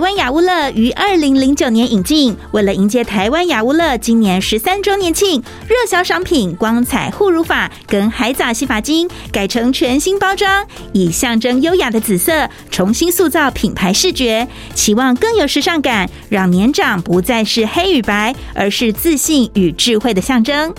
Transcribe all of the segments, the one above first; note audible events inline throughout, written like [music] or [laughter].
台灣雅鄔樂於二零零九年引進，為了迎接台灣雅鄔樂今年十三週年慶，熱銷商品光彩護汝髮跟海藻洗髮精改成全新包裝，以象徵優雅的紫色重新塑造品牌視覺，期望更有時尚感，讓年長不再是黑與白，而是自信與智慧的象徵。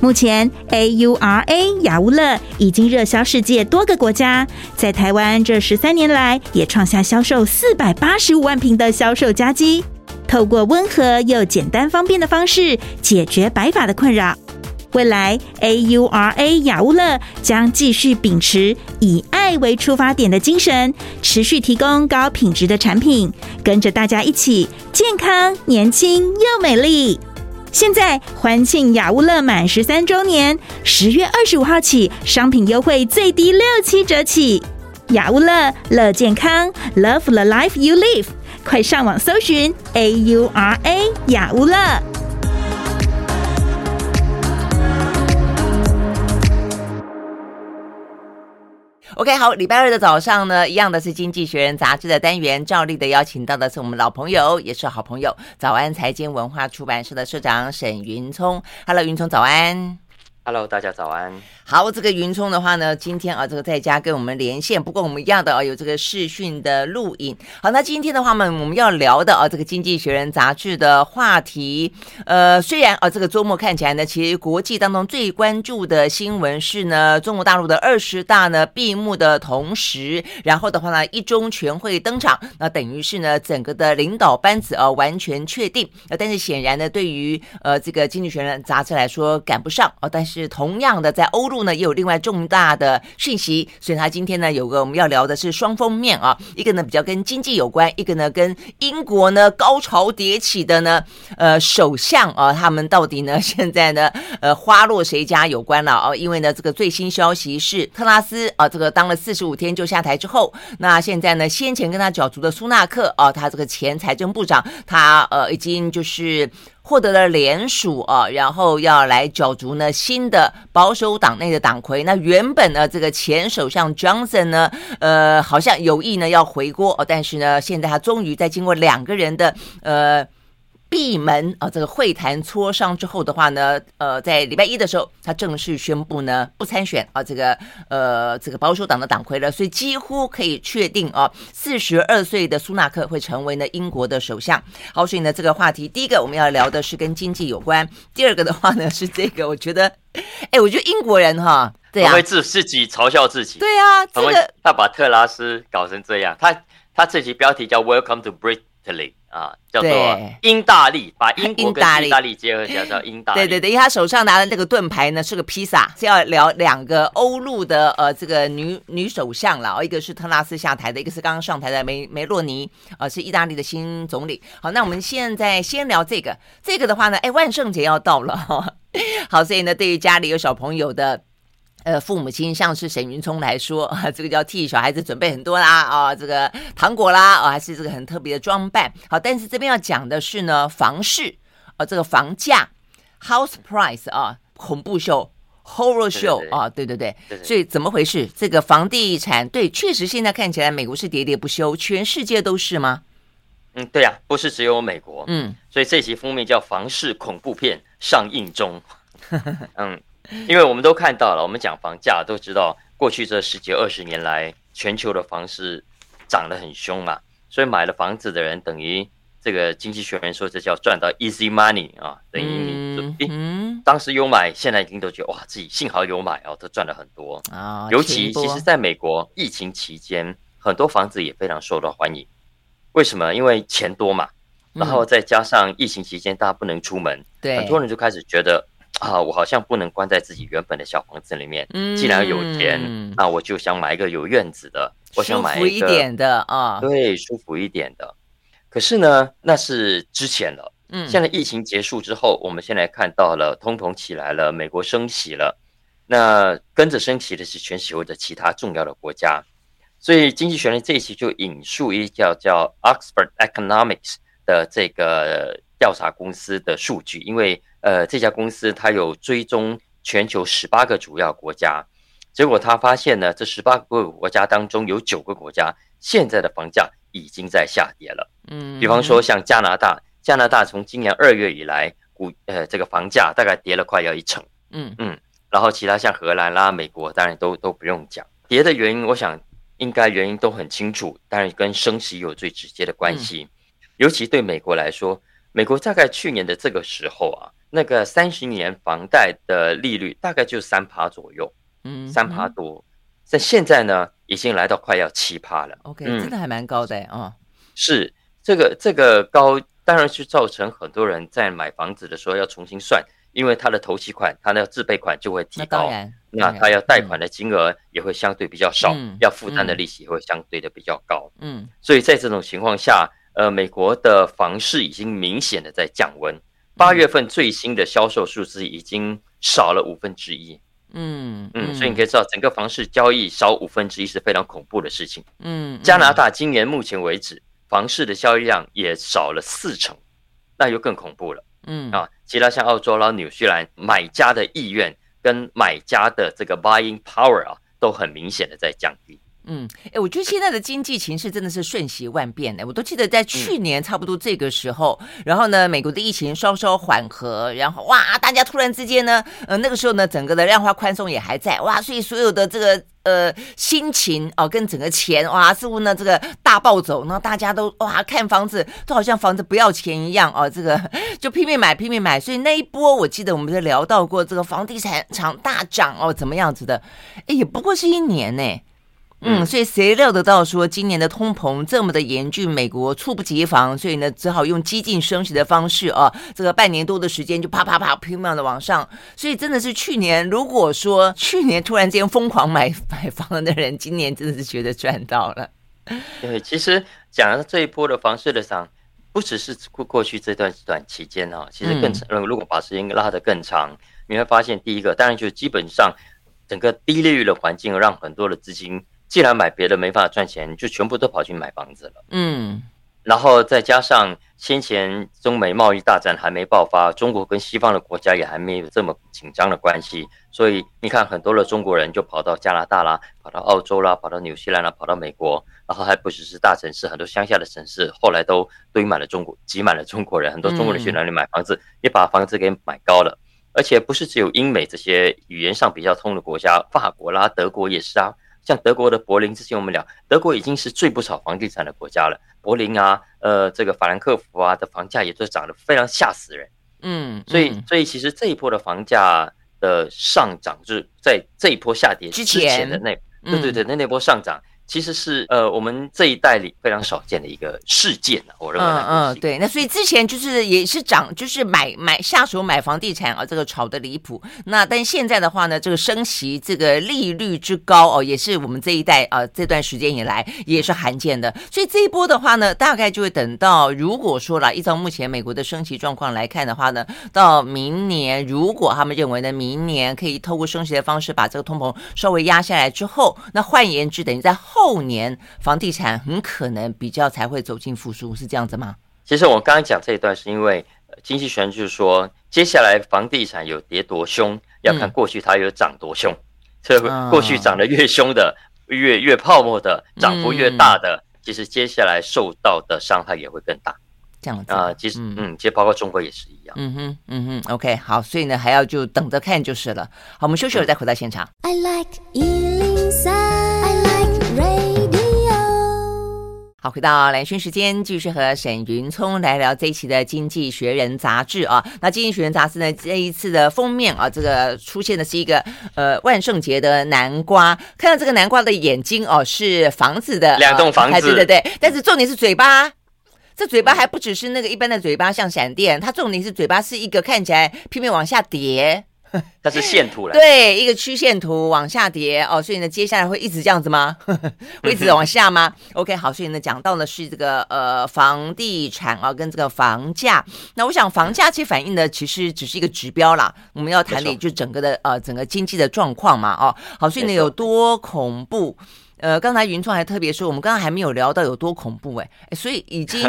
目前，AURA 雅鄔樂已經熱銷世界多個國家，在台灣這十三年來也創下銷售四百八十五萬瓶的銷售佳績。透過溫和又簡單方便的方式，解決白髮的困擾。未來，AURA 雅鄔樂將繼續秉持以愛為出發點的精神，持續提供高品質的產品，跟着大家一起健康、年輕又美麗。現在歡慶雅鄔樂滿十三週年，十月二十五號起商品優惠最低六七折起，雅鄔樂樂健康，Love the life you live，快上網搜尋 A U R A 雅鄔樂。OK，好，禮拜二的早上呢，一樣的是《經濟學人》雜誌的單元，照例的邀請到的是我們老朋友，也是好朋友，早安財經文化出版社的社長沈雲驄。Hello，雲驄，早安。Hello，大家早安。好，這個雲驄的話呢，今天啊，這個在家跟我們連線，不過我們一樣的啊，有這個視訊的錄影。好，那今天的話呢，我們要聊的啊，這個《經濟學人》雜誌的話題，呃，雖然啊，這個週末看起來呢，其實國際當中最關注的新聞是呢，中國大陸的二十大呢閉幕的同時，然後的話呢，一中全會登場，那、啊、等於是呢，整個的領導班子啊完全確定、啊。但是顯然呢，對於呃、啊、這個《經濟學人》雜誌來說趕不上啊，但是同樣的在歐陸。呢，也有另外重大的訊息，所以他今天呢，有個我們要聊的是雙封面啊，一個呢比較跟經濟有關，一個呢跟英國呢高潮迭起的呢，呃，首相啊，他們到底呢現在呢，呃，花落誰家有關了哦、啊，因為呢，這個最新消息是特拉斯啊、呃，這個當了四十五天就下台之後，那現在呢，先前跟他角逐的蘇納克啊、呃，他這個前財政部長，他呃，已經就是。獲得了聯署啊，然後要來角逐呢，新的保守黨內的黨魁。那原本呢，這個前首相 Johnson 呢，呃，好像有意呢要回鍋，但是呢，現在他終於在經過兩個人的呃。閉門啊，這個會談磋商之後的話呢，呃，在禮拜一的時候，他正式宣布呢不參選啊，這個呃，這個保守黨的黨魁了。所以幾乎可以確定啊，四十二歲的蘇納克會成為呢英國的首相。好，所以呢，這個話題第一個我們要聊的是跟經濟有關，第二個的話呢是這個，我覺得，哎，我覺得英國人哈、啊，對啊，會自自己嘲笑自己，對啊，這個他，他把特拉斯搞成這樣，他他自己標題叫 Welcome to Britaly。啊，叫做英大利，把英國跟意大利結合起來叫英大利。對，對對，因為他手上拿的那個盾牌呢是個披薩，是要聊兩個歐陸的呃這個女女首相啦，哦，一個是特拉斯下台的，一個是剛剛上台的梅梅洛尼，呃，是意大利的新總理。好，那我們現在先聊這個，這個的話呢，哎，萬聖節要到了呵呵，好，所以呢，對於家裡有小朋友的。呃，父母親像是沈雲驄來說，啊，這個叫替小孩子準備很多啦，啊，這個糖果啦，啊，還是這個很特別的裝扮。好，但是這邊要講的是呢，房市，啊，這個房價，house price 啊，恐怖秀，horror show 對對對對啊對對對，對對對，所以怎麼回事？這個房地產，對，確實現在看起來美國是喋喋不休，全世界都是嗎？嗯，對啊，不是只有美國，嗯，所以這集封面叫《房市恐怖片》上映中， [laughs] 嗯。因為我們都看到了，我們講房價都知道，過去這十幾二十年來，全球的房市漲得很凶嘛，所以買了房子的人，等於這個經濟學人說，這叫賺到 easy money、嗯、啊，等於，嗯，當時有買，現在已經都覺得哇，自己幸好有買哦，都賺了很多、哦、尤其多其實在美國疫情期間，很多房子也非常受到歡迎，為什麼？因為錢多嘛，然後再加上疫情期間、嗯、大家不能出門，對，很多人就開始覺得。啊，我好像不能關在自己原本的小房子裡面。既然有錢，嗯、那我就想買一個有院子的，的我想買一個舒服一點的啊，對，舒服一點的。可是呢，那是之前了。嗯，現在疫情結束之後，我們現在看到了通膨起來了，美國升息了，那跟着升息的是全球的其他重要的國家。所以，經濟學人這一期就引述一條叫叫 Oxford Economics 的這個調查公司的數據，因為。呃，這家公司它有追蹤全球十八個主要國家，結果它發現呢，這十八個國家當中有九個國家現在的房價已經在下跌了。嗯，比方說像加拿大，加拿大從今年二月以來，股呃這個房價大概跌了快要一成。嗯嗯，然後其他像荷蘭啦、啊、美國，當然都都不用講。跌的原因，我想應該原因都很清楚，但是跟升息有最直接的關係，尤其對美國來說，美國大概去年的這個時候啊。那個三十年房貸的利率大概就三趴左右，嗯，三趴多、嗯。但現在呢，已經來到快要七趴了。OK，、嗯、真的還蠻高的啊、哦。是，這個這個高當然是造成很多人在買房子的時候要重新算，因為他的頭期款、他的自備款就會提高，那他要貸款的金額也會相對比較少，嗯、要負擔的利息也會相對的比較高嗯。嗯，所以在這種情況下，呃，美國的房市已經明顯的在降溫。八月份最新的銷售數字已經少了五分之一，嗯嗯，嗯，所以你可以知道，整個房市交易少五分之一是非常恐怖的事情。嗯，加拿大今年目前為止、嗯、房市的交易量也少了四成，那就更恐怖了。嗯啊，其他像澳洲啦、紐西蘭，買家的意願跟買家的這個 buying power 啊，都很明顯的在降低。嗯，哎，我覺得現在的經濟形勢真的是瞬息萬變的。我都記得在去年差不多這個時候，嗯、然後呢，美國的疫情稍稍緩和，然後哇，大家突然之間呢，呃，那個時候呢，整個的量化寬鬆也還在哇，所以所有的這個呃心情哦、呃，跟整個錢哇，似乎呢這個大暴走，然後大家都哇看房子都好像房子不要錢一樣哦、呃，這個就拼命買拼命買。所以那一波，我記得我們就聊到過這個房地產場大漲哦，怎麼樣子的？也不過是一年呢。嗯，所以誰料得到說今年的通膨這麼的嚴峻，美國猝不及防，所以呢，只好用激進升息的方式啊，這個半年多的時間就啪啪啪拼命的往上。所以真的是去年，如果說去年突然間瘋狂買買房的人，今年真的是覺得賺到了。對，其實講這一波的房市的漲，不只是過過去這段短期間啊，其實更長、嗯。如果把時間拉的更長，你會發現，第一個當然就是基本上整個低利率的環境讓很多的資金。既然買別的沒辦法賺錢，就全部都跑去買房子了。嗯，然後再加上先前中美貿易大戰還沒爆發，中國跟西方的國家也還沒有這麼緊張的關係，所以你看，很多的中國人就跑到加拿大啦，跑到澳洲啦，跑到紐西蘭啦，跑到美國，然後還不只是大城市，很多鄉下的城市後來都堆滿了中國，擠滿了中國人。很多中國人去哪裡買房子，也把房子給買高了。嗯，而且不是只有英美這些語言上比較通的國家，法國啦、德國也是啊。像德國的柏林，之前我們聊，德國已經是最不炒房地產的國家了。柏林啊，呃，這個法蘭克福啊的房價也都漲得非常嚇死人。嗯，嗯，所以所以其實這一波的房價的上漲，就是在這一波下跌之前的那，嗯、對對對，那那波上漲。嗯其實是呃，我們這一代裡非常少見的一個事件、啊、我認為嗯嗯對，那所以之前就是也是漲，就是買買下手買房地產啊，這個炒得離譜。那但現在的話呢，這個升息這個利率之高哦、呃，也是我們這一代啊、呃、這段時間以來也是罕見的。所以這一波的話呢，大概就會等到如果說啦，依照目前美國的升息狀況來看的話呢，到明年如果他們認為呢，明年可以透過升息的方式把這個通膨稍微壓下來之後，那換言之，等於在後。後年房地產很可能比較才會走進復甦，是這樣子嗎？其實我剛剛講這一段是因為，呃、經濟學人就是說，接下來房地產有跌多凶，嗯、要看過去它有漲多凶。所以、啊、過去漲得越凶的、越越泡沫的、漲幅越大的、嗯，其實接下來受到的傷害也會更大。這樣子啊、呃，其實嗯，嗯，其實包括中國也是一樣。嗯哼，嗯哼，OK，好，所以呢還要就等着看就是了。好，我們休息了再回到現場。嗯好，回到蘭萱時間，繼續和沈雲驄來聊這一期的《經濟學人》雜誌啊。那《經濟學人》雜誌呢，這一次的封面啊，這個出現的是一個呃萬聖節的南瓜，看到這個南瓜的眼睛哦、啊，是房子的、啊、兩棟房子、啊，對對對。但是重點是嘴巴，這嘴巴還不只是那個一般的嘴巴，像閃電。它重點是嘴巴是一個看起來拼命往下跌它是線圖了，。 [laughs] 對，一個曲線圖往下跌哦，所以呢，接下來會一直這樣子嗎？ [laughs] 會一直往下嗎 [laughs] ？OK，好，所以呢，講到的是這個呃房地產啊，呃呃，跟這個房價，那我想房價其實反映的其實只是一個指標啦，我們要談的就整個的呃整個經濟的狀況嘛，哦、呃，好，所以呢有多恐怖？呃，剛才雲驄還特別說，我們剛剛還沒有聊到有多恐怖哎，欸呃，所以已經、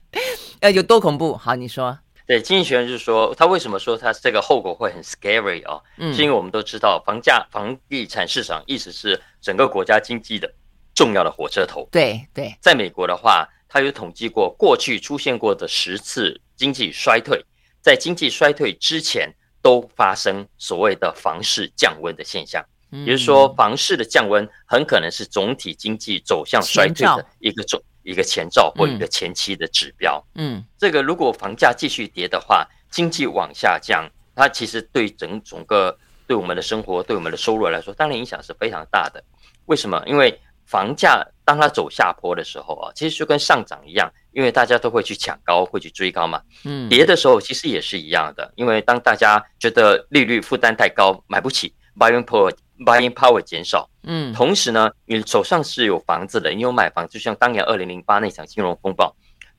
[laughs] 呃、有多恐怖？好，你說。對，經濟學人就是說，他為什麼說他這個後果會很 scary 哦、啊？嗯，是因為我們都知道，房價、房地產市場一直是整個國家經濟的重要的火車頭。對對，在美國的話，他有統計過，過去出現過的十次經濟衰退，在經濟衰退之前都發生所謂的房市降溫的現象。嗯，也就是說，房市的降溫很可能是總體經濟走向衰退的一個種。一個前兆或一個前期的指標，嗯，嗯，這個如果房價繼續跌的話，經濟往下降，它其實對整整個對我們的生活、對我們的收入來說，當然影響是非常大的。為什麼？因為房價當它走下坡的時候啊，其實就跟上漲一樣，因為大家都會去搶高、會去追高嘛。嗯，跌的時候其實也是一樣的，因為當大家覺得利率負擔太高，買不起，買不起、嗯。buying power 減少，嗯，同時呢，你手上是有房子的，你有買房，就像當年二零零八那場金融風暴，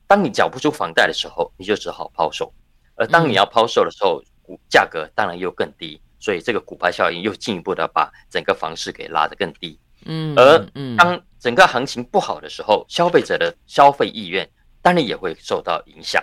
當你繳不出房貸的時候，你就只好拋售，而當你要拋售的時候，股、嗯、價格當然又更低，所以這個骨牌效應又進一步的把整個房市給拉得更低，嗯，而當整個行情不好的時候，嗯、消費者的消費意願當然也會受到影響。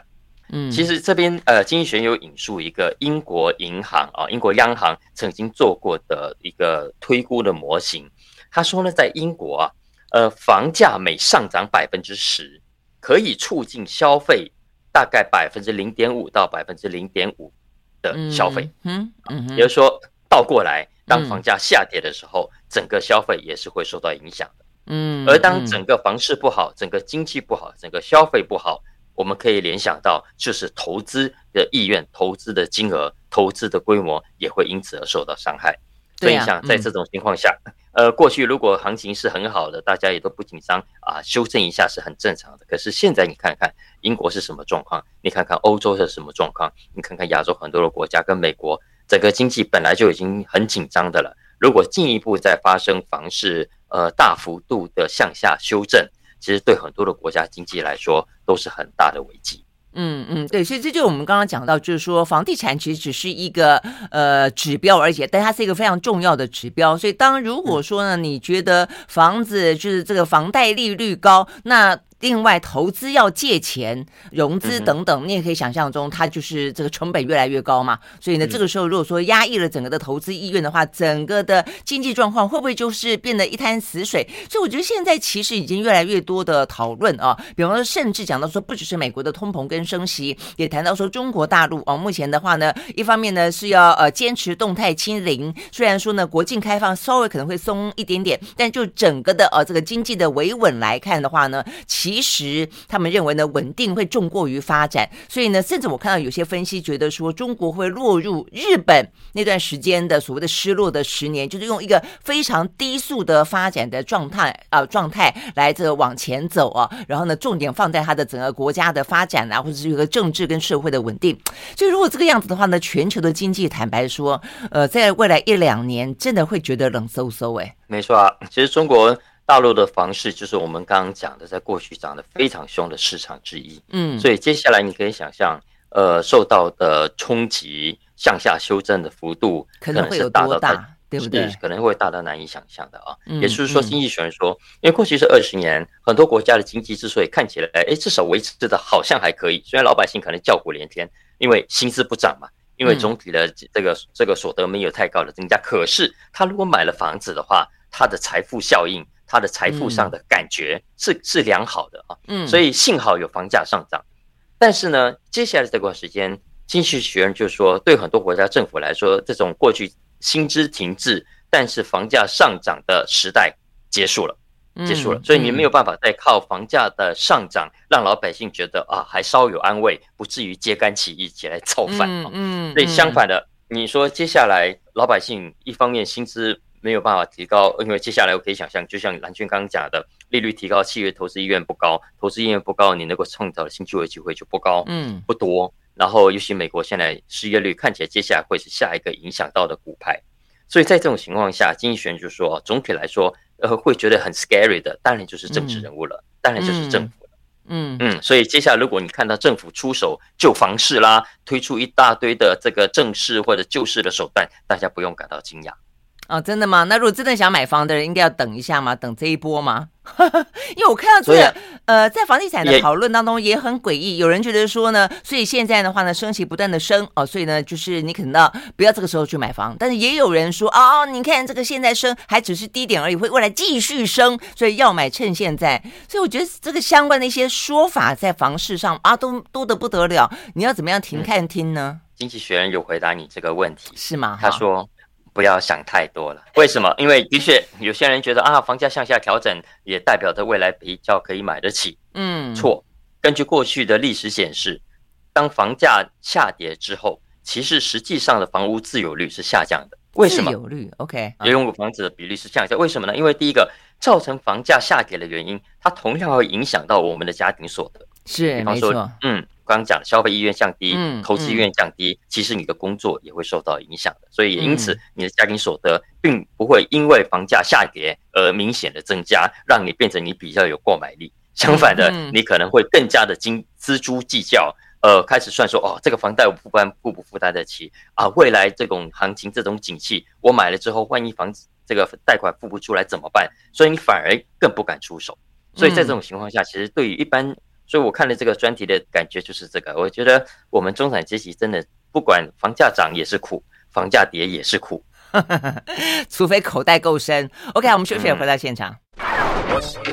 嗯，其實這邊呃，經濟學有引述一個英國銀行啊，英國央行曾經做過的一個推估的模型。他說呢，在英國啊，呃，房價每上漲百分之十，可以促進消費大概百分之零點五到百分之零點五的消費。嗯，嗯，嗯，啊，也就是說，倒過來，當房價下跌的時候，嗯，整個消費也是會受到影響的，嗯。嗯，而當整個房市不好，整個經濟不好，整個消費不好。我們可以聯想到，就是投資的意願、投資的金額、投資的規模也會因此而受到傷害，啊。所以，想在這種情況下，嗯，呃，過去如果行情是很好的，大家也都不緊張啊，修正一下是很正常的。可是現在你看看英國是什麼狀況？你看看歐洲是什麼狀況？你看看亞洲很多的國家跟美國，整個經濟本來就已經很緊張的了，如果進一步再發生房市呃大幅度的向下修正。其實對很多的國家經濟來說都是很大的危機嗯。嗯嗯，對，所以這就是我們剛剛講到，就是說房地產其實只是一個呃指標，而且但它是一個非常重要的指標。所以當如果說呢，嗯、你覺得房子就是這個房貸利率高，那。另外，投資要借錢、融資等等，你也可以想象中，它就是這個成本越來越高嘛。所以呢，這個時候如果說壓抑了整個的投資意願的話，整個的經濟狀況會不會就是變得一潭死水？所以我覺得現在其實已經越來越多的討論啊，比方說，甚至講到說，不只是美國的通膨跟升息，也談到說中國大陸啊，目前的話呢，一方面呢是要呃堅持動態清零，雖然說呢國境開放稍微可能會鬆一點點，但就整個的呃這個經濟的維穩來看的話呢，其其實他們認為呢，穩定會重過於發展，所以呢，甚至我看到有些分析覺得說，中國會落入日本那段時間的所謂的失落的十年，就是用一個非常低速的發展的狀態啊、呃、狀態來這往前走啊，然後呢，重點放在他的整個國家的發展啊，或者是一個政治跟社會的穩定。所以如果這個樣子的話呢，全球的經濟坦白說，呃，在未來一兩年，真的會覺得冷颼颼哎。沒錯啊，其實中國大陸的房市就是我們剛剛講的，在過去漲得非常凶的市場之一。嗯，所以接下來你可以想象，呃，受到的衝擊、向下修正的幅度，可能會大到大？對不對？可能會大到難以想象的啊。也就是說，經濟學人說，因為過去是二十年，很多國家的經濟之所以看起來，哎，哎，至少維持的好像還可以，雖然老百姓可能叫苦連天，因為薪資不漲嘛，因為總體的這個這個所得沒有太高的增加，可是他如果買了房子的話，他的財富效應。他的財富上的感覺是、嗯、是，是良好的啊，嗯，所以幸好有房價上漲，嗯、但是呢，接下來的這段時間，經濟學人就說，對很多國家政府來說，這種過去薪資停滯但是房價上漲的時代結束了，結束了，嗯、所以你沒有辦法再靠房價的上漲、嗯、讓老百姓覺得啊還稍有安慰，不至於揭竿起義起來造反、啊嗯，嗯，所以相反的，你說接下來老百姓一方面薪資。沒有辦法提高，因為接下來我可以想象，就像蘭萱剛剛講的，利率提高，企業投資意願不高，投資意願不高，你能夠創造新就業機會就不高，嗯，不多。嗯、然後，尤其美國現在失業率看起來，接下來會是下一個影響到的骨牌。所以在這種情況下，經濟學就是說，總體來說，呃，會覺得很 scary 的，當然就是政治人物了，嗯、當然就是政府了。嗯嗯，所以接下來如果你看到政府出手救房市啦，推出一大堆的這個正式或者救市的手段，大家不用感到驚訝。哦，真的嗎？那如果真的想買房的人，應該要等一下嗎？等這一波嗎？ [laughs] 因為我看到這個，呃，在房地產的討論當中也很詭異。有人覺得說呢，所以現在的話呢，升息不斷的升哦，所以呢，就是你可能要不要這個時候去買房。但是也有人說啊、哦，你看這個現在升還只是低點而已，會未來繼續升，所以要買趁現在。所以我覺得這個相關的一些說法在房市上啊，都多得不得了。你要怎麼樣停看聽呢？嗯、經濟學人有回答你這個問題是嗎？他說。嗯不要想太多了，為什麼？因為的確有些人覺得啊，房價向下調整也代表着未來比較可以買得起。嗯，錯。根據過去的歷史顯示，當房價下跌之後，其實實際上的房屋自有率是下降的。為什麼？自有率 OK，擁有房子的比例是下降。Okay. 為什麼呢？因為第一個造成房價下跌的原因，它同樣會影響到我們的家庭所得。是，比方說，沒錯，嗯。剛講的消費意願降低，嗯，投資意願降低，其實你的工作也會受到影響的，所以也因此你的家庭所得並不會因為房價下跌而明顯的增加，嗯、讓你變成你比較有購買力。相反的，嗯嗯、你可能會更加的斤斤計較，呃，開始算說哦，這個房貸我不管負不負擔得起啊？未來這種行情這種景氣，我買了之後，萬一房子這個貸款付不出來怎麼辦？所以你反而更不敢出手。所以在這種情況下，嗯、其實對於一般。所以我看了這個專題的感覺就是這個，我覺得我們中產階級真的不管房價漲也是苦，房價跌也是苦， [laughs] 除非口袋夠深。OK，我們休息回到現場。嗯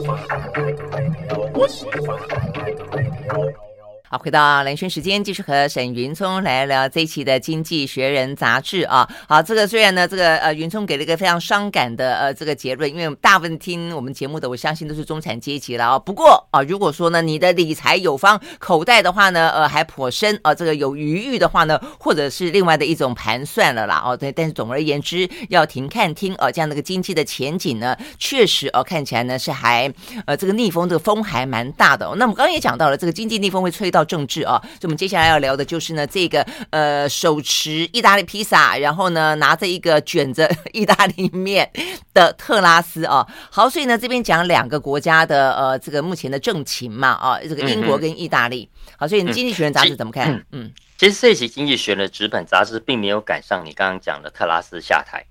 好，回到蘭萱時間，繼續和沈雲驄來聊這一期的《經濟學人》雜誌啊。好，這個雖然呢，這個呃，雲驄給了一個非常傷感的呃這個結論，因為大部分聽我們節目的，我相信都是中產階級了啊、哦，不過啊、呃，如果說呢，你的理財有方，口袋的話呢，呃，還頗深啊、呃，這個有餘裕的話呢，或者是另外的一種盤算了啦。哦，對，但是總而言之，要停看聽啊、呃，這樣那個經濟的前景呢，確實哦、呃，看起來呢是還呃這個逆風，這個風還蠻大的、哦。那我們剛剛也講到了，這個經濟逆風會吹到。到政治啊、哦，所以我們接下來要聊的就是呢，這個呃，手持意大利披薩，然後呢拿着一個卷着意大利麵的特拉斯啊、哦。好，所以呢這邊講兩個國家的呃這個目前的政情嘛啊，這個英國跟意大利、嗯。好，所以經濟學人雜誌怎麼看？嗯，其，嗯嗯其實這期經濟學人的紙本雜誌並沒有趕上你剛剛講的特拉斯下台。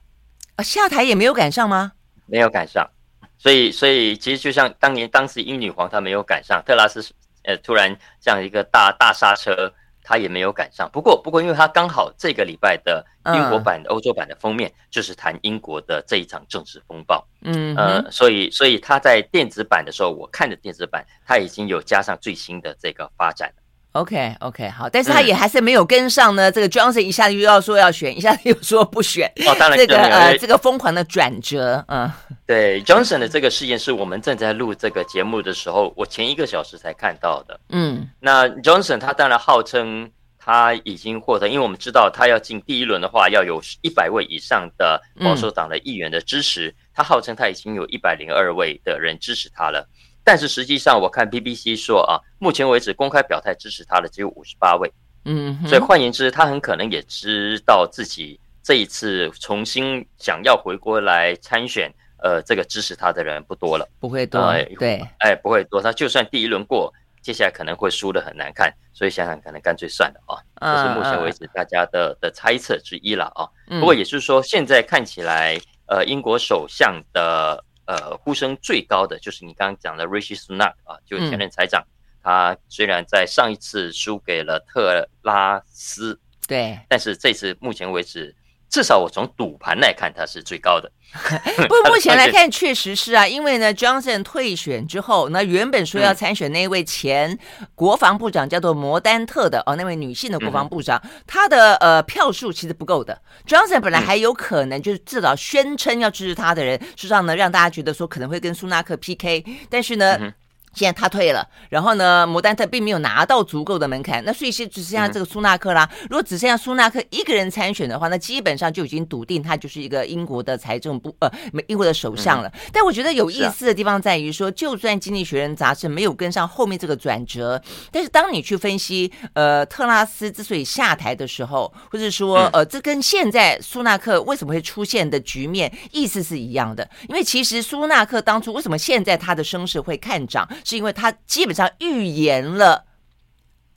啊、下台也沒有趕上嗎？沒有趕上，所以所以其實就像當年當時英女皇她沒有趕上特拉斯。呃，突然這樣一個大大剎車，他也沒有趕上。不過，不過，因為他剛好這個禮拜的英國版、uh, 歐洲版的封面就是談英國的這一場政治風暴，嗯、uh-huh. 呃，所以，所以他在電子版的時候，我看的電子版，他已經有加上最新的這個發展了。OK，OK，okay, okay, 好，但是他也還是沒有跟上呢、嗯。這個 Johnson 一下子又要說要選，一下子又說不選，這、哦、當然這個呃，這個瘋狂的轉折嗯。對，Johnson 的這個事件是我們正在錄這個節目的時候，我前一個小時才看到的。嗯，那 Johnson 他當然號稱他已經獲得，因為我們知道他要進第一輪的話，要有一百位以上的保守黨的議員的支持。嗯、他號稱他已經有一百零二位的人支持他了。但是實際上，我看 BBC 說啊，目前為止公開表態支持他的只有五十八位，嗯，所以換言之，他很可能也知道自己這一次重新想要回國來參選，呃，這個支持他的人不多了，不會多，呃、對，哎、呃呃，不會多。他就算第一輪過，接下來可能會輸得很難看，所以想想，可能乾脆算了啊、嗯。這是目前為止大家的的猜測之一了啊。不過也就是說，現在看起來，呃，英國首相的。呃，呼聲最高的就是你剛剛講的 Rishi Sunak 啊，就前任財長，嗯。他雖然在上一次輸給了特拉斯，對，但是這次目前為止。至少我從賭盤來看，它是最高的。 [laughs] 不，目前來看確實是啊，因為呢，Johnson 退選之後，那原本說要參選那位前國防部長叫做摩丹特的、嗯、哦，那位女性的國防部長，她、嗯、的呃票數其實不夠的。Johnson 本來還有可能，就是至少宣稱要支持他的人，事、嗯、實際上呢，讓大家覺得說可能會跟蘇納克 PK，但是呢。嗯現在他退了，然後呢，摩丹特並沒有拿到足夠的門檻，那所以是只剩下這個蘇納克啦。嗯、如果只剩下蘇納克一個人參選的話，那基本上就已經篤定他就是一個英國的財政部呃，英國的首相了、嗯，但我覺得有意思的地方在於說，就算《經濟學人》雜誌沒有跟上後面這個轉折，但是當你去分析呃特拉斯之所以下台的時候，或者說呃這跟現在蘇納克為什麼會出現的局面意思是一樣的，因為其實蘇納克當初為什麼現在他的聲勢會看漲？是因為他基本上預言了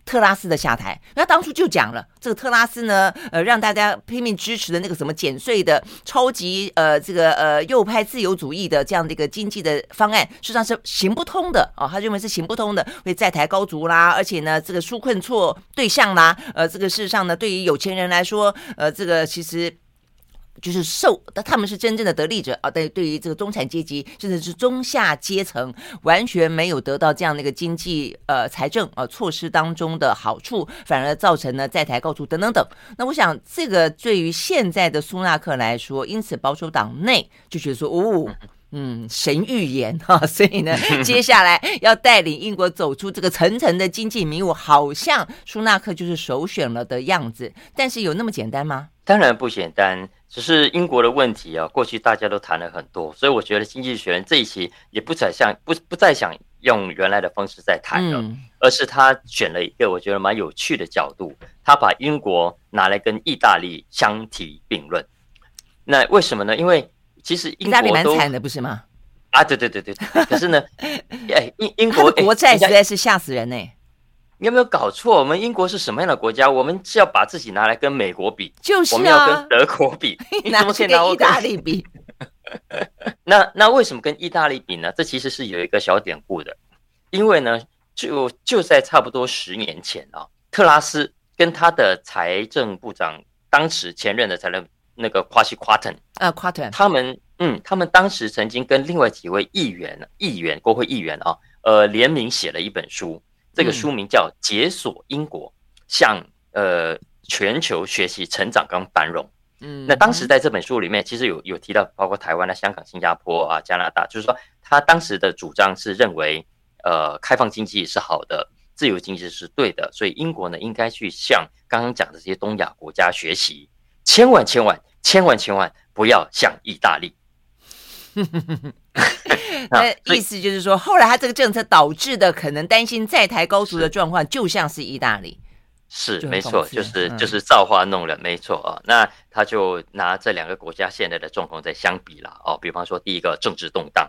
特拉斯的下台，他當初就講了這個特拉斯呢，呃，讓大家拼命支持的那個什麼減稅的超級呃這個呃右派自由主義的這樣的一個經濟的方案，實際上是行不通的哦，他認為是行不通的，會債台高築啦，而且呢，這個紓困錯對象啦，呃，這個事實上呢，對於有錢人來說，呃，這個其實。就是受，他們是真正的得利者啊！對，對於這個中產階級甚至是中下階層，完全沒有得到這樣的一個經濟呃財政啊、呃、措施當中的好處，反而造成了債台高築等等等。那我想，這個對於現在的蘇納克來說，因此保守黨內就覺得說，哦，嗯，神預言哈、啊，所以呢，接下來要帶領英國走出這個層層的經濟迷霧，好像蘇納克就是首選了的樣子。但是有那麼簡單嗎？當然不簡單。只是英國的問題啊。過去大家都談了很多，所以我覺得《經濟學人》這一期也不再想不，不再想用原來的方式再談了。嗯，而是他選了一個我覺得蠻有趣的角度，他把英國拿來跟意大利，相提並論。那為什麼呢？因為其實意大利蠻慘的，不是嗎？啊，對對對對。 [laughs] 可是呢，哎、英英國，他的國債實在是嚇死人呢、欸。你有沒有搞錯？我們英國是什麼樣的國家？我們是要把自己拿來跟美國比，就是啊、我們要跟德國比， [laughs] 你怎麼可以拿我跟意大利比？ [laughs] [laughs] 那那為什麼跟意大利比呢？這其實是有一個小典故的。因為呢，就就在差不多十年前啊，特拉斯跟他的財政部長，當時前任的財政那個誇西誇騰啊，誇騰，他們嗯，他們當時曾經跟另外幾位議員、議員、國會議員啊，呃，聯名寫了一本書。這個書名叫《解鎖英國》呃，向呃全球學習成長跟繁榮。嗯，那當時在這本書裡面，其實有有提到，包括台灣、香港、新加坡啊、加拿大，就是說他當時的主張是認為，呃，開放經濟是好的，自由經濟是對的，所以英國呢，應該去向剛剛講的這些東亞國家學習，千萬千萬千萬千萬不要向意大利。 [laughs] 那意思就是說、啊，後來他這個政策導致的可能擔心債台高築的狀況，就像是意大利，是沒錯，嗯、就是就是造化弄人，沒錯啊。那他就拿這兩個國家現在的狀況再相比了哦。比方說，第一個政治動盪，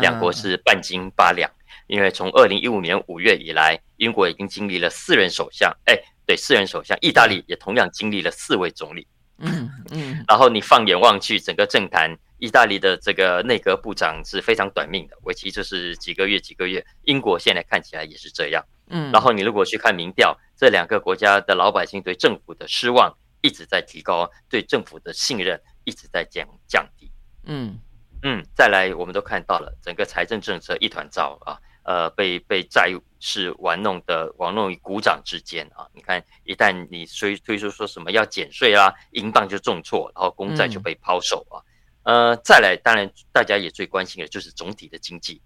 兩國是半斤八兩，嗯、因為從二零一五年五月以來，英國已經經歷了四任首相，哎，對，四任首相；意大利也同樣經歷了四位總理。嗯嗯，然後你放眼望去，整個政壇。意大利的這個內閣部長是非常短命的，為期就是幾個月，幾個月。英國現在看起來也是這樣，嗯。然後你如果去看民調，這兩個國家的老百姓對政府的失望一直在提高，對政府的信任一直在降降低，嗯嗯。再來，我們都看到了整個財政政策一團糟啊，呃，被被債務是玩弄的玩弄於股掌之間啊。你看，一旦你推推出說什麼要減稅啊，英鎊就重挫，然後公債就被拋售啊。嗯啊呃，再來，當然大家也最關心的就是總體的經濟，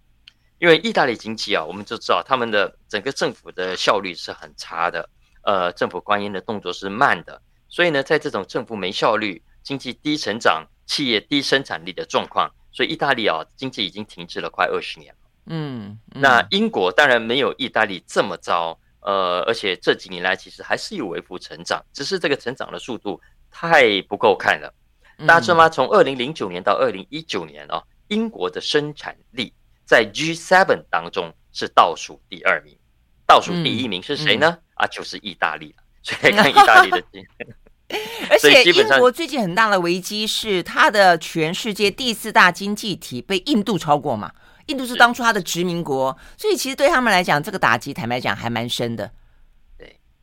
因為意大利經濟啊，我們就知道他們的整個政府的效率是很差的，呃，政府官員的動作是慢的，所以呢，在這種政府沒效率、經濟低成長、企業低生產力的狀況，所以意大利啊，經濟已經停滯了快二十年了。嗯，嗯，那英國當然沒有意大利這麼糟，呃，而且這幾年來其實還是有微幅成長，只是這個成長的速度太不夠看了。大家知道嗎？從二零零九年到二零一九年啊，哦，英國的生產力在 G7 當中是倒數第二名，倒數第一名是誰呢、嗯嗯？啊，就是意大利了。所以看意大利的經濟。 [laughs] [laughs] 而且英國最近很大的危機是它的全世界第四大經濟體被印度超過嘛？印度是當初它的殖民國，所以其實對他們來講，這個打擊坦白講還蠻深的。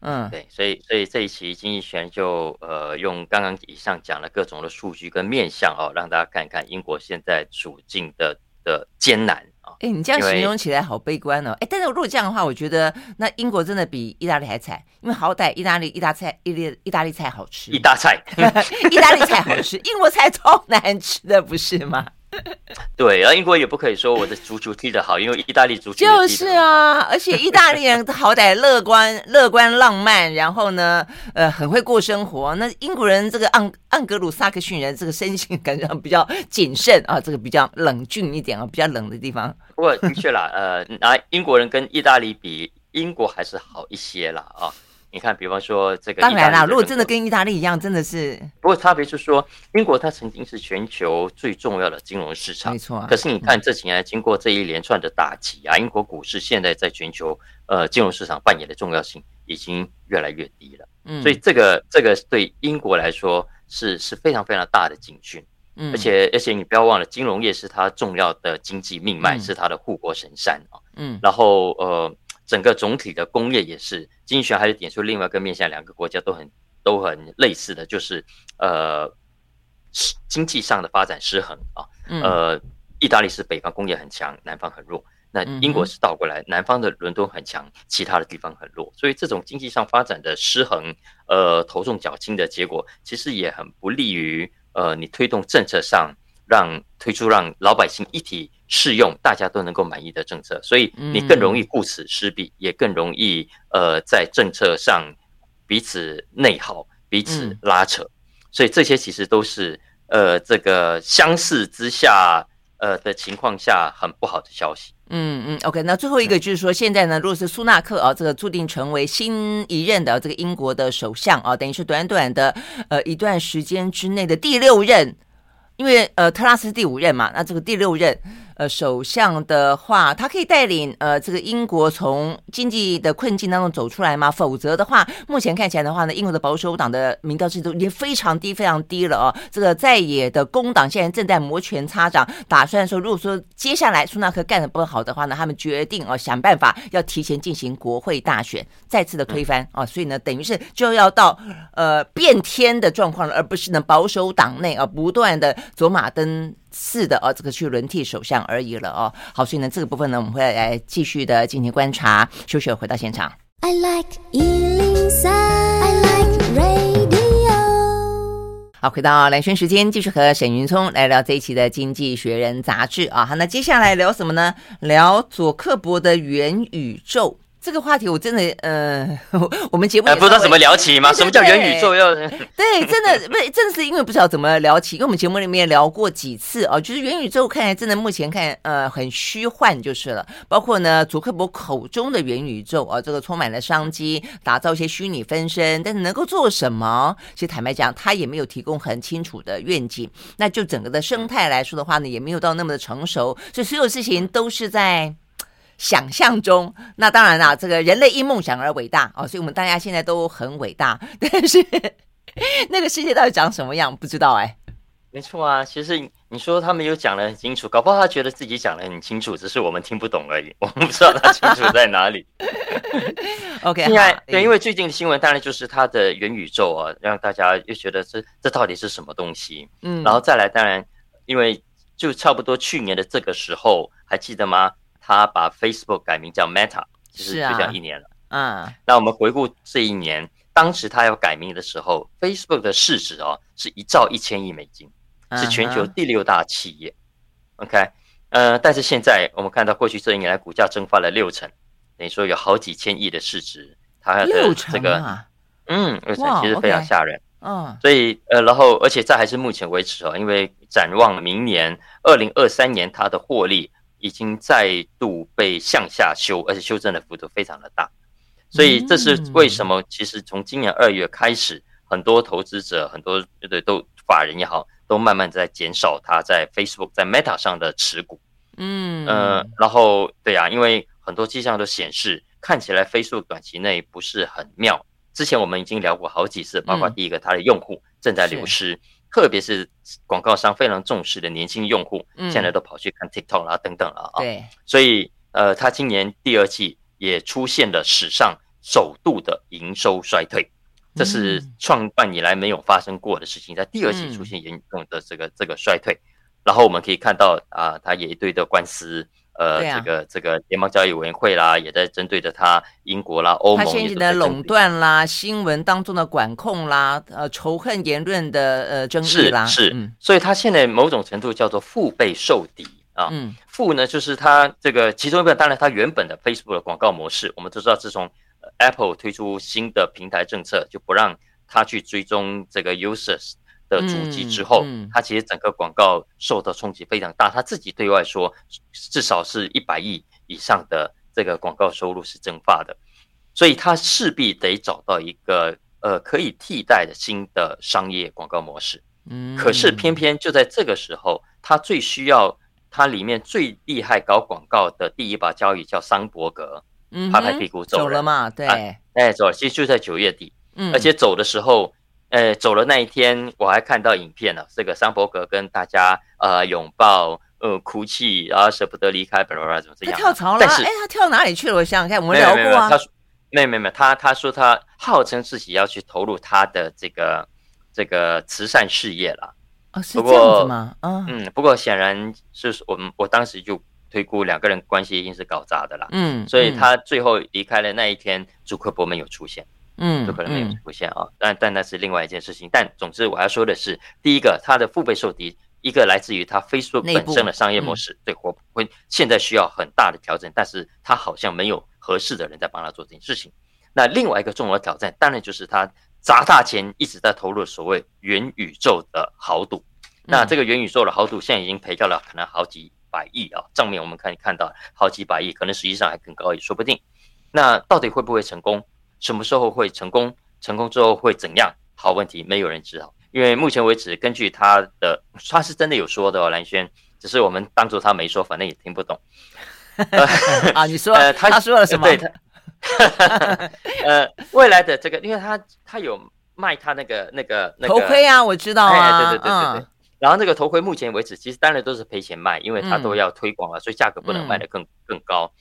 嗯，對，所以所以這一期經濟學人就呃用剛剛以上講的各種的數據跟面向哦，讓大家看看英國現在處境的的艱難啊。哎、哦，欸，你這樣形容起來好悲觀哦。哎、欸，但是如果這樣的話，我覺得那英國真的比意大利還慘，因為好歹意大利意大菜，意意大利菜好吃，意大菜， [laughs] [laughs] 意大利菜好吃，英國菜超難吃的，不是嗎？ [laughs] [laughs] 對、啊，然後英國也不可以說我的足球踢得好，因為意大利足球 [laughs] 就是啊，而且意大利人好歹樂觀、樂 [laughs] 觀、浪漫，然後呢，呃，很會過生活。那英國人這個盎盎格魯撒克遜人，這個身形感覺比較謹慎啊，這個比較冷峻一點啊，比較冷的地方。 [laughs] 不過，的確啦，呃，拿英國人跟意大利比，英國還是好一些啦啊。你看，比方說這個，當然啦，如果真的跟意大利一樣，真的是。不過差別是說，英國它曾經是全球最重要的金融市場，沒錯。可是你看這幾年經過這一連串的打擊啊、嗯，英國股市現在在全球呃金融市場扮演的重要性已經越來越低了。嗯、所以這個這個對英國來說是是非常非常大的警訊、嗯。而且而且你不要忘了，金融業是它重要的經濟命脈、嗯，是它的護國神山啊。嗯。然後呃。整個總體的工業也是，經濟學人還是點出另外一個面向，兩個國家都很都很類似的就是，呃，經濟上的發展失衡啊，呃，意大利是北方工業很強，南方很弱，那英國是倒過來，南方的倫敦很強，其他的地方很弱，所以這種經濟上發展的失衡，呃，頭重腳輕的結果，其實也很不利於呃你推動政策上。讓推出讓老百姓一體適用，大家都能夠滿意的政策，所以你更容易顧此失彼，也更容易呃在政策上彼此內耗、彼此拉扯。所以這些其實都是呃這個相似之下呃的情況下很不好的消息嗯。嗯嗯，嗯，OK，那最後一個就是說，現在呢，如果是蘇納克啊，這個注定成為新一任的、啊、這個英國的首相啊，等於是短短的呃一段時間之內的第六任。因為呃，特拉斯第五任嘛，那這個第六任，呃，首相的話，他可以帶領呃這個英國從經濟的困境當中走出來嗎？否則的話，目前看起來的話呢，英國的保守黨的民調制度已經非常低，非常低了哦，這個在野的工黨現在正在摩拳擦掌，打算說，如果說接下來蘇納克幹得不好的話呢，他們決定哦、呃、想辦法要提前進行國會大選，再次的推翻啊、呃。所以呢，等於是就要到呃變天的狀況了，而不是呢保守黨內啊、呃、不斷的走馬燈。是的哦，這個去輪替首相而已了哦。好，所以呢，這個部分呢，我們會來繼續的進行觀察。休息，回到現場。I like i n s i d I like radio。好，回到蘭萱時間，繼續和沈雲驄來聊這一期的《經濟學人》雜誌啊。好，那接下來聊什麼呢？聊祖克柏的元宇宙。這個話題我真的，呃，我們節目不知道怎麼聊起嗎？對對對什麼叫元宇宙要？要對，真的為，真的是因為不知道怎麼聊起，因為我們節目裡面聊過幾次啊、呃，就是元宇宙，看來真的目前看，呃，很虛幻就是了。包括呢，祖克柏口中的元宇宙啊、呃，這個充滿了商機，打造一些虛擬分身，但是能夠做什麼？其實坦白講，他也沒有提供很清楚的願景，那就整個的生態來說的話呢，也沒有到那麼的成熟，所以所有事情都是在。想象中，那當然啦，這個人類因夢想而偉大哦，所以我們大家現在都很偉大。但是那個世界到底長什麼樣，不知道哎、欸。沒錯啊，其實你說他沒有講得很清楚，搞不好他覺得自己講得很清楚，只是我們聽不懂而已。我們不知道他清楚在哪裡。 [laughs] [laughs] OK，現在對，因為最近的新聞，當然就是他的元宇宙啊，讓大家又覺得這這到底是什麼東西？嗯，然後再來，當然，因為就差不多去年的這個時候，還記得嗎？他把 Facebook 改名叫 Meta，其實、啊就是、就這樣一年了。嗯，那我們回顧這一年，當時他要改名的時候、嗯、Facebook 的市值哦是一兆一千億美金，是全球第六大企業。嗯、OK，呃，但是現在我們看到過去這一年來股價蒸發了六成，等於說有好幾千億的市值，它的這個六成、啊、嗯六成其實非常嚇人。Okay, 嗯，所以呃，然後而且這還是目前為止哦，因為展望明年二零二三年它的獲利，已經再度被向下修，而且修正的幅度非常的大，所以這是為什麼？其實從今年二月開始，嗯，很多投資者、很多對，對都法人也好，都慢慢在減少他在 Facebook 在 Meta 上的持股。嗯，呃，然後對呀、啊，因為很多跡象都顯示，看起來 Facebook 短期內不是很妙。之前我們已經聊過好幾次，包括第一個，它的用戶正在流失。嗯特別是廣告商非常重視的年輕用戶，現在都跑去看 TikTok 啦，等等了啊。所以呃，他今年第二季也出現了史上首度的營收衰退，這是創辦以來沒有發生過的事情，在第二季出現嚴重的這個這個衰退。然後我們可以看到啊，他也一堆的官司。呃、啊，這個這個聯邦交易委員會啦，也在針對着他英國啦、歐盟的壟斷啦，新聞當中的管控啦，呃，仇恨言論的呃爭議啦，是，是，嗯，所以他現在某種程度叫做腹背受敵啊。嗯，腹呢就是他這個其中一個當然他原本的 Facebook 的廣告模式，我們都知道自從 Apple 推出新的平台政策，就不讓他去追蹤這個 users。的阻擊之後、嗯嗯，他其實整個廣告受到衝擊非常大。他自己對外說，至少是一百億以上的這個廣告收入是蒸發的，所以他勢必得找到一個呃可以替代的新的商業廣告模式、嗯。可是偏偏就在這個時候，他最需要他裡面最厲害搞廣告的第一把交椅叫桑伯格，拍拍屁股走,、嗯、走了嘛？對，哎，走了，其實就在九月底、嗯。而且走的時候。呃、欸、走了那一天，我還看到影片了、啊。這個桑伯格跟大家呃擁抱，呃哭泣，然後捨不得離開，巴拉巴拉怎麼這樣、啊。他跳槽了，哎、欸，他跳到哪裡去了？我想想看，我們聊過啊。他說，沒沒沒，他他說他號稱自己要去投入他的這個這個慈善事業了。哦，是這樣子嗎？哦、不嗯不過顯然是我們我當時就推估兩個人關係一定是搞砸的了。嗯，所以他最後離開了那一天，祖克柏沒有出現。嗯，就可能沒有出現啊，但但那是另外一件事情。但總之我要說的是，第一個，它的腹背受敵，一個來自於它 Facebook 本身的商業模式對，會現在需要很大的調整，但是他好像沒有合適的人在幫他做這件事情。那另外一個重要的挑戰，當然就是他砸大錢一直在投入所謂元宇宙的豪賭。那這個元宇宙的豪賭現在已經賠掉了可能好幾百億啊，賬面我們可以看到好幾百億，可能實際上還更高也說不定。那到底會不會成功？什麼時候會成功？成功之後會怎樣？好問題，沒有人知道。因為目前為止，根據他的，他是真的有說的、哦。蘭萱，只是我們當做他沒說，反正也聽不懂。 [laughs] [laughs] 啊，你說？呃，他，他說了什麼？對的。他 [laughs] [laughs] 呃，未來的這個，因為他他有賣他那個那個、那個、頭盔啊，我知道啊。哎哎對對對對對、嗯。然後那個頭盔，目前為止其實當然都是賠錢賣，因為他都要推廣了，嗯、所以價格不能賣得更、嗯、更高。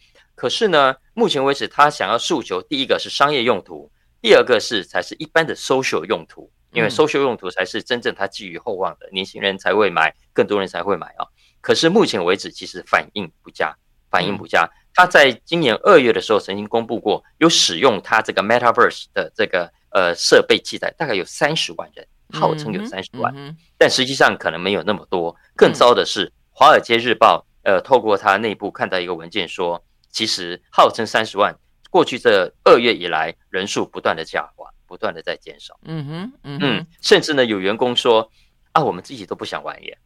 可是呢，目前為止，他想要訴求第一個是商業用途，第二個是才是一般的 social 用途，因為 social 用途才是真正他寄予厚望的，嗯、年輕人才會買，更多人才會買啊、哦。可是目前為止，其實反應不佳，反應不佳。嗯、他在今年二月的時候曾經公布過，有使用他這個 Metaverse 的這個呃設備器材，大概有三十萬人，號稱有三十萬、嗯嗯，但實際上可能沒有那麼多。更糟的是，《華爾街日報》呃透過他內部看到一個文件說。其實號稱三十萬，過去這二月以來，人數不斷的下滑，不斷的在減少。嗯哼，嗯哼嗯，甚至呢，有員工說啊，我們自己都不想玩耶。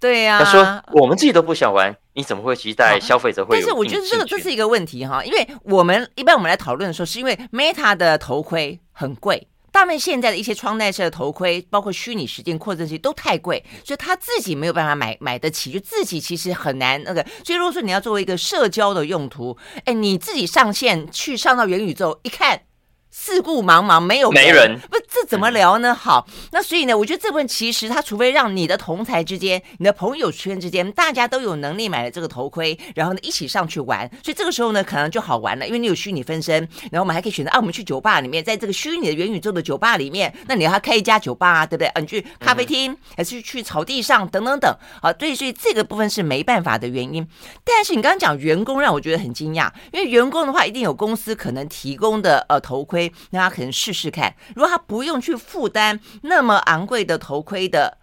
對呀、啊，他說我們自己都不想玩，你怎麼會期待消費者會有興趣、啊、但是我覺得這個這是一個問題哈，因為我們一般我們來討論的時候，是因為 Meta 的頭盔很貴。大部分現在的一些穿戴式的頭盔，包括虛擬實境擴增器，都太貴，所以他自己沒有辦法買買得起，就自己其實很難那個。所以如果說你要作為一個社交的用途，哎，你自己上線去上到元宇宙一看。事故茫茫，沒有沒人不，這怎麼聊呢？好，那所以呢，我覺得這部分其實它，除非讓你的同才之間、你的朋友圈之間，大家都有能力買了這個頭盔，然後呢一起上去玩，所以這個時候呢，可能就好玩了，因為你有虛擬分身，然後我們還可以選擇啊，我們去酒吧裡面，在這個虛擬的元宇宙的酒吧裡面，那你要開一家酒吧，啊，對不對？啊，你去咖啡廳，還是去草地上等等等，啊，對，所以這個部分是沒辦法的原因。但是你剛剛講員工讓我覺得很驚訝，因為員工的話一定有公司可能提供的呃頭盔。那他可能試試看，如果他不用去負擔那麼昂貴的頭盔的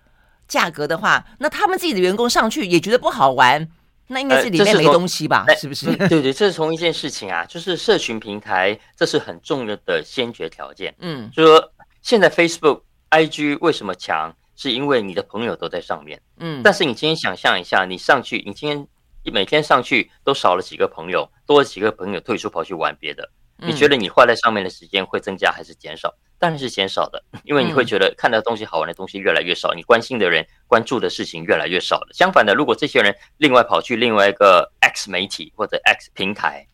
價格的話，那他們自己的員工上去也覺得不好玩，那應該是裡面、欸、這是沒東西吧，欸，是不是？對對，對，這是從一件事情啊，就是社群平台，這是很重要的先決條件。嗯，就說現在 Facebook、IG 為什麼強，是因為你的朋友都在上面。嗯，但是你今天想象一下，你上去，你今天每天上去都少了幾個朋友，多了幾個朋友退出跑去玩別的。你覺得你花在上面的時間會增加還是減少，嗯？當然是減少的，因為你會覺得看到東西好玩的東西越來越少，嗯、你關心的人、關注的事情越來越少了。相反的，如果這些人另外跑去另外一個 X 媒體或者 X 平台。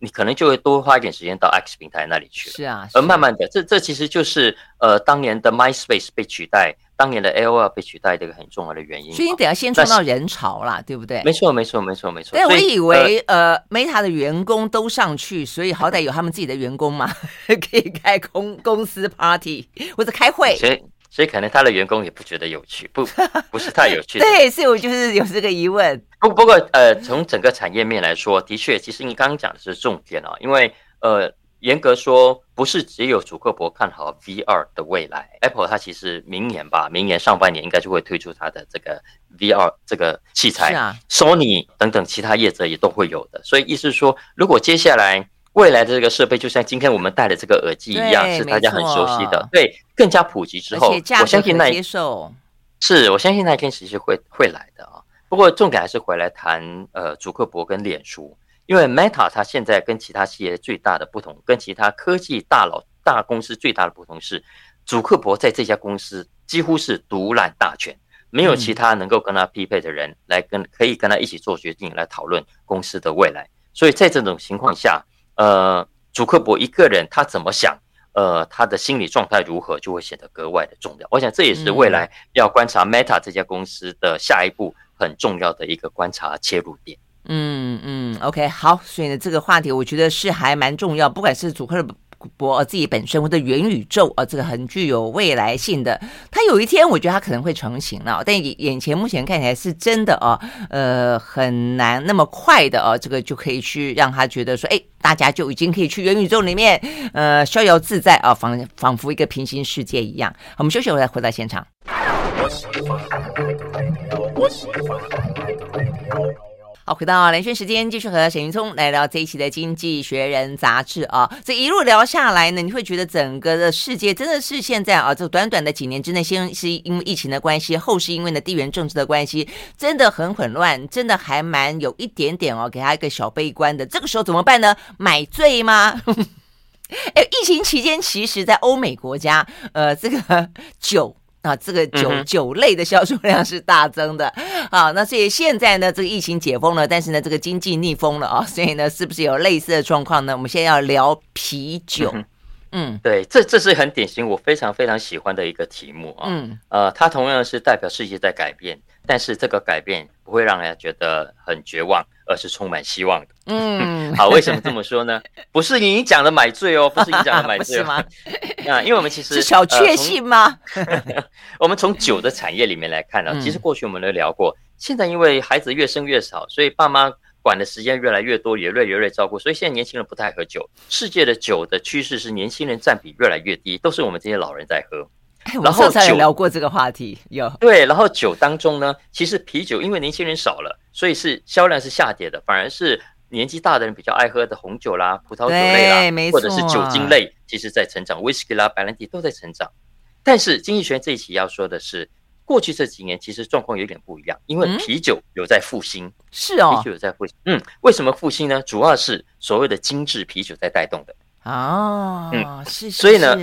你可能就會多花一點時間到 X 平台那裡去了。是啊，啊、而慢慢的，這這其實就是呃，當年的 MySpace 被取代，當年的 AOL 被取代的一個很重要的原因。所以你得要先創造人潮啦，對不對？沒錯，沒錯，沒錯，沒錯。但我以為呃，Meta 的員工都上去，所以好歹有他們自己的員工嘛， [laughs] [laughs] 可以開公公司 party 或者開會。誰？所以可能他的員工也不覺得有趣，不不是太有趣。 [laughs] 對，所以我就是有這個疑問。不不過呃，從整個產業面來說，的確，其實你剛剛講的是重點啊，因為呃，嚴格說不是只有主克博看好 V 二的未來。Apple 它其實明年吧，明年上半年應該就會推出它的這個 V 二這個器材，啊。Sony 等等其他業者也都會有的，所以意思是說，如果接下來，未來的這個設備就像今天我們戴的這個耳機一樣，是大家很熟悉的。對，更加普及之後，我相信那一天，是我相信那一天其實會會來的啊。不過重點還是回來談呃，祖克柏跟臉書，因為 Meta 它現在跟其他企業最大的不同，跟其他科技大佬大公司最大的不同是，祖克柏在這家公司幾乎是獨攬大權，嗯、沒有其他能夠跟他匹配的人來跟可以跟他一起做決定，來討論公司的未來。所以在這種情況下。嗯呃，祖克柏一個人他怎麼想，呃，他的心理狀態如何，就會顯得格外的重要。我想這也是未來要觀察 Meta 這家公司的下一步很重要的一個觀察切入點。嗯嗯，OK，好，所以呢，這個話題我覺得是還蠻重要，不管是祖克。我自己本身或者元宇宙啊，這個很具有未來性的。他有一天，我覺得他可能會成型了，但眼前目前看起來是真的啊、哦，呃，很難那麼快的啊、哦，這個就可以去讓他覺得說，哎，大家就已經可以去元宇宙裡面，呃，逍遙自在啊，仿仿佛一個平行世界一樣。我們休息回來，回到現場。 [noise] 好，回到蘭萱時間，繼續和沈雲驄來聊這一期的《經濟學人》雜誌啊。這一路聊下來呢，你會覺得整個的世界真的是現在啊，這短短的幾年之內，先是因為疫情的關係，後是因為呢地緣政治的關係，真的很混亂，真的還蠻有一點點哦，給他一個小悲觀的。這個時候怎麼辦呢？買醉嗎？哎、 [laughs] 欸，疫情期間，其實在歐美國家，呃，這個酒。啊，這個酒、嗯、酒類的銷售量是大增的啊。那所以現在呢，這個疫情解封了，但是呢，這個經濟逆風了啊、哦。所以呢，是不是有類似的狀況呢？我們現在要聊啤酒。嗯嗯，對，這這是很典型，我非常非常喜歡的一個題目啊、哦。嗯，呃，它同樣是代表世界在改變，但是這個改變不會讓人覺得很絕望，而是充滿希望嗯。 [laughs] 好，為什麼這麼說呢？ [laughs] 不是你講的買醉哦，不是你講的買醉 [laughs] 是嗎？啊， [laughs] [laughs] 因為我們其實是小確幸嗎？ [laughs] 呃、從 [laughs] 我們從酒的產業裡面來看呢、哦嗯，其實過去我們都聊過，現在因為孩子越生越少，所以爸媽。管的時間越來越多，也越來越照顧，所以現在年輕人不太喝酒。世界的酒的趨勢是年輕人佔比越來越低，都是我們這些老人在喝。欸、然後，然後酒，再聊過這個話題，有，對。然後酒當中呢，其實啤酒因為年輕人少了，所以是銷量是下跌的，反而是年紀大的人比較愛喝的紅酒啦、葡萄酒類啦，或者是酒精類，其實在成長。Whisky 啦、白蘭地都在成長。但是經濟學這一期要說的是。過去這幾年其實狀況有點不一樣，因為啤酒有在復興，是、嗯、哦，啤酒有在復興、哦。嗯，為什麼復興呢？主要是所謂的精致啤酒在帶動的啊、哦，嗯，謝謝。所以呢，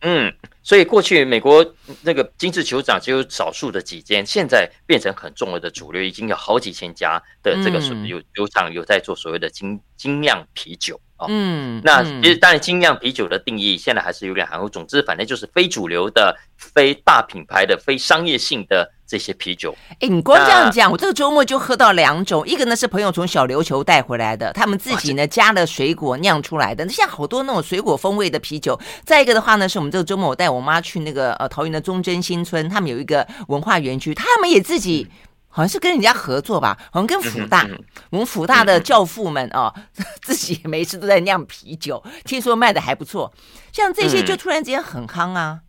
嗯。所以過去美國那個精緻酒廠，只有少數的幾間，現在變成很重要的主流，已經有好幾千家的這個有酒廠有在做所謂的精精釀啤酒、啊、嗯，那其實當然精釀啤酒的定義現在還是有點含糊，總之反正就是非主流的、非大品牌的、非商業性的這些啤酒、嗯。哎、嗯，欸、你光這樣講，我這個周末就喝到兩種，一個呢是朋友從小琉球帶回來的，他們自己呢加了水果釀出來的，那像好多那種水果風味的啤酒。再一個的話呢，是我們這個周末帶我。我媽去那個呃桃園的中間新村，他們有一個文化園區，他們也自己好像是跟人家合作吧，好像跟福大，嗯嗯、我們福大的教父們、嗯、哦，自己每一次都在釀啤酒、嗯，聽說賣得還不錯。像這些就突然之間很夯啊！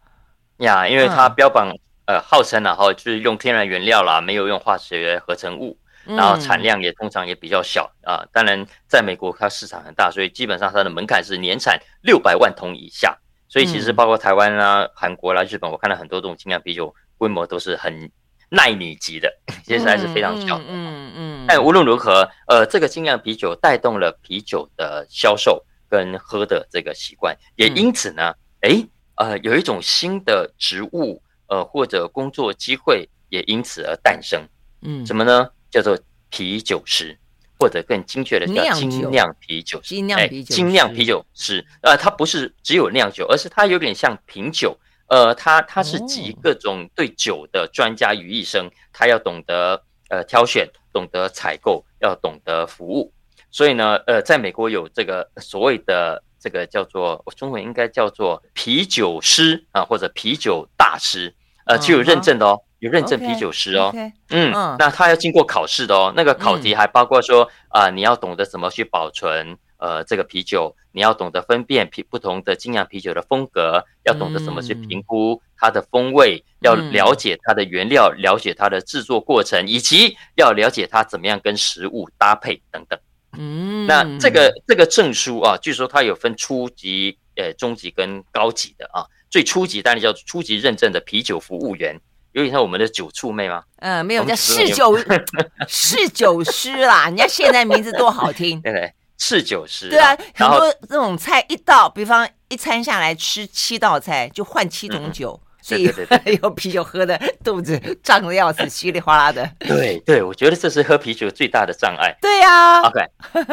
呀、嗯嗯，因為它標榜呃號稱，然後就是用天然原料啦，沒有用化學合成物，然後產量也通常也比較小啊、呃。當然，在美國它市場很大，所以基本上它的門檻是年產六百萬桶以下。所以其實包括台灣啦、啊、韓、嗯、國啦、啊、日本，我看到很多這種精釀啤酒規模都是很奈米級的，其實還是非常小。嗯嗯，嗯。但無論如何，呃，這個精釀啤酒帶動了啤酒的銷售跟喝的這個習慣，也因此呢，哎、嗯欸，呃，有一種新的職務，呃，或者工作機會也因此而誕生。嗯，什麼呢？叫做啤酒師。或者更精確的叫精釀啤酒，酒，精、欸、精釀啤酒是、欸，呃，它不是只有釀酒、嗯，而是它有點像品酒，呃，它它是集各種對酒的專家於一身，它要懂得呃挑選，懂得採購，要懂得服務，所以呢，呃，在美國有這個所謂的這個叫做我中文應該叫做啤酒師啊、呃，或者啤酒大師，呃，具有認證的哦。嗯有認證啤酒師哦，okay, okay, uh, 嗯，那他要經過考試的哦。那個考題還包括說啊、嗯呃，你要懂得怎麼去保存呃這個啤酒，你要懂得分辨不同的精釀啤酒的風格，要懂得怎麼去評估它的風味，嗯、要了解它的原料，了解它的制作過程、嗯，以及要了解它怎麼樣跟食物搭配等等。嗯，那這個這個證書啊，據說它有分初級、呃、中級跟高級的啊，最初級當然叫初級認證的啤酒服務員。有點像我們的酒醋妹嗎？嗯、呃，沒有叫侍酒侍酒，酒師啦， [laughs] 人家現在名字多好聽。對對，對，侍酒師、啊。對啊，很多這種菜一道，比方一餐下來吃七道菜，就換七種酒，嗯、所以對對對對 [laughs] 有啤酒喝的肚子脹得要死，稀 [laughs] 里嘩啦的。對，對對，我覺得這是喝啤酒最大的障礙。對呀、啊。OK，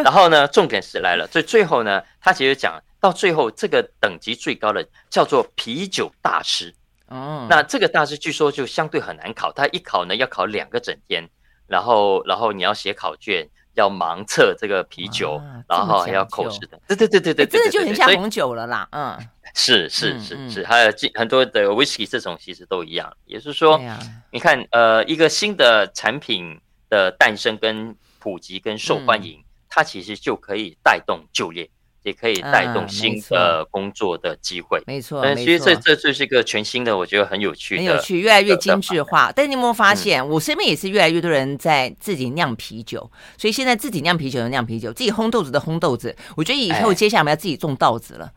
然後呢，重點是來了，所以最後呢，他其實講到最後，這個等級最高的叫做啤酒大師。哦、嗯，那這個大師據說就相對很難考，他一考呢要考兩個整天，然後然後你要寫考卷，要盲測這個啤酒，啊、然後還要口試的對對對對對，真的就很像紅酒了啦，嗯，是是是是，還有這很多的威士忌這種其實都一樣，也就是說，嗯、你看呃一個新的產品的誕生跟普及跟受歡迎，嗯、它其實就可以帶動就業。也可以帶動新的工作的機會，沒錯。嗯，但其實這這這是一個全新的，我覺得很有趣的，很有趣，越來越精緻化。但你有沒有發現，嗯、我身邊也是越來越多人在自己釀啤酒，嗯，所以現在自己釀啤酒的釀啤酒，自己烘豆子的烘豆子。我覺得以後接下來我們要自己種稻子了。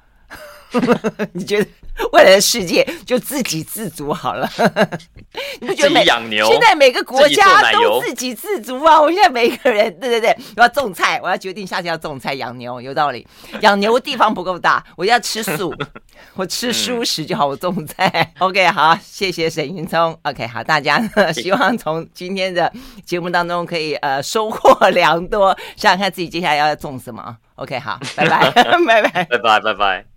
[laughs] 你覺得未來的世界就自給自足好了？ [laughs] 你不覺得每？養牛。現在每個國家都自給自足啊！我現在每個人，對對對，我要種菜，我要決定下次要種菜養牛，有道理。 [laughs] 養牛的地方不夠大，我要吃素， [laughs] 我吃素食就好。我種菜。OK，好，謝謝沈雲驄。OK，好，大家呢希望從今天的節目當中可以呃收穫良多，想想看自己接下來要種什麼。OK，好，拜拜， [laughs] [laughs] 拜拜，拜拜，拜拜。